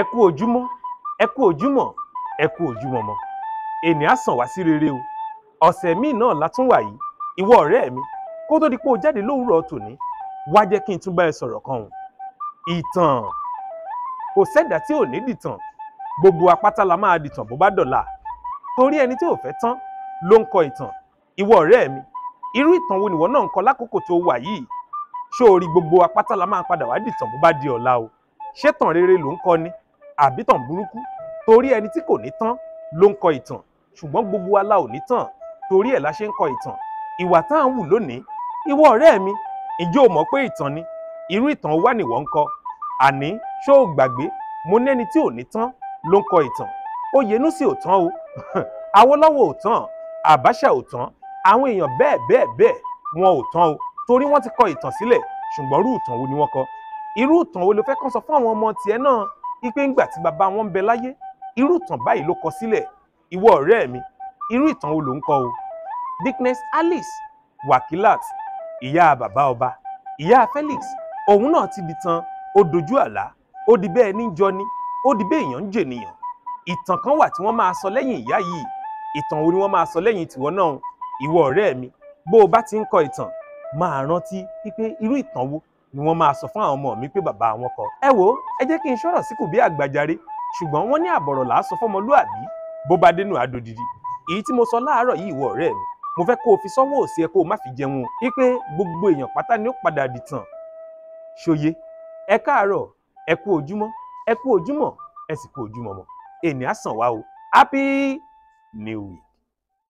ẹ kú ojúmọ́ ẹ kú ojúmọ́ ẹ kú ojúmọ́ mọ́ ènì á sàn wá sí rere o ọ̀sẹ̀ míì náà la tún wà yìí ìwọ ọ̀rẹ́ mi kó tó di pé o jáde lówùúrọ̀ tòní wá jẹ́ kí n tún bá ẹ sọ̀rọ̀ kan o ìtàn kò sẹ́dá tí ò ní dìtàn gbogbo apáta la máa dìtàn bó bá dọ̀la torí ẹni tí ò fẹ́ tán ló ń kọ ìtàn ìwọ ọ̀rẹ́ mi irú ìtàn wo nìwọ náà ń kọ lákòókò tó wà yìí ṣó o rí gbogbo apáta la máa padà wá dìtàn bó bá di ọ̀la o ṣé tàn rere ló ń kọ ni àbítàn burúkú torí ẹni tí kò ní tán ló ń kọ ìtàn ṣùgbọ́n gbogbo wa la ò ní tàn torí ẹ̀ la ṣe ń kọ ìtàn ìwà tá à ń wù lónìí ìwọ ọ̀rẹ́ mi ǹjẹ́ o mọ̀ pé ìtàn ni irú ìtàn wà ní wọ́n ń kọ àní ṣó o gbàgbé mo nẹ́ni tí ò ní tán ló ń kọ ìtàn Oyènúsì ò tán o Awólọ́wọ̀ ò tán Abacha ò tán àwọn èèyàn bẹ́ẹ̀ bẹ́ẹ̀ bẹ́ẹ̀ wọn ò tán o torí wọ́n ti kọ ìtàn sílẹ̀ ṣùgbọ́n irú ìtàn wo ni wọ́n kọ irú ìtàn wo ló fẹ́ kàn sọ fún àwọn ọmọ tiẹ̀ náà ipe ńgbà tí bàbá wọn ń bẹ láyé irú ìtàn báyìí ló kọ sílẹ̀ ìwọ ọ̀rẹ́ mi irú ìtàn wo ló ń kọ o Dickness Alice Wakilat ìyá bàbá ọba ìyá Felix òun náà ti di tan ó dojú àlá ó di bẹ́ẹ̀ ní jọ ni ó di bẹ́ẹ̀ èèyàn ń jènìyàn ìtàn kan wà tí wọ́n máa sọ lẹ́yìn ìyá yìí ìtàn wo ni wọ́n máa sọ lẹ́yìn tiwọ́ náà ìwọ ọ̀rẹ́ mi bó o bá ti ń kọ ìtàn máa rántí wípé irú ìtàn wo ni wọ́n máa sọ fún àwọn ọmọ mi pé bàbá àwọn kọ. ẹ wo ẹ jẹ́ kí n ṣọ́rọ̀ síkù bí àgbàjarè ṣùgbọ́n wọ́n ní àbọ̀rọ̀ là á sọ fọ́mọlúàbí bó bá dénú àdòdìdì èyí tí mo sọ láàárọ̀ yìí wọ ọ̀rẹ́ mi mo fẹ́ kó o fi sọ́wọ́ òsì ẹ kó o má fi jẹun o wípé gbogbo èèyàn pátá ni ó padà dìtàn ṣòye ẹ káàárọ̀ ẹ kú ojúmọ́ ẹ kú ojúmọ́ ẹ sì kú ojúmọ́ mọ́ ènìyàn sàn wá o happy new year.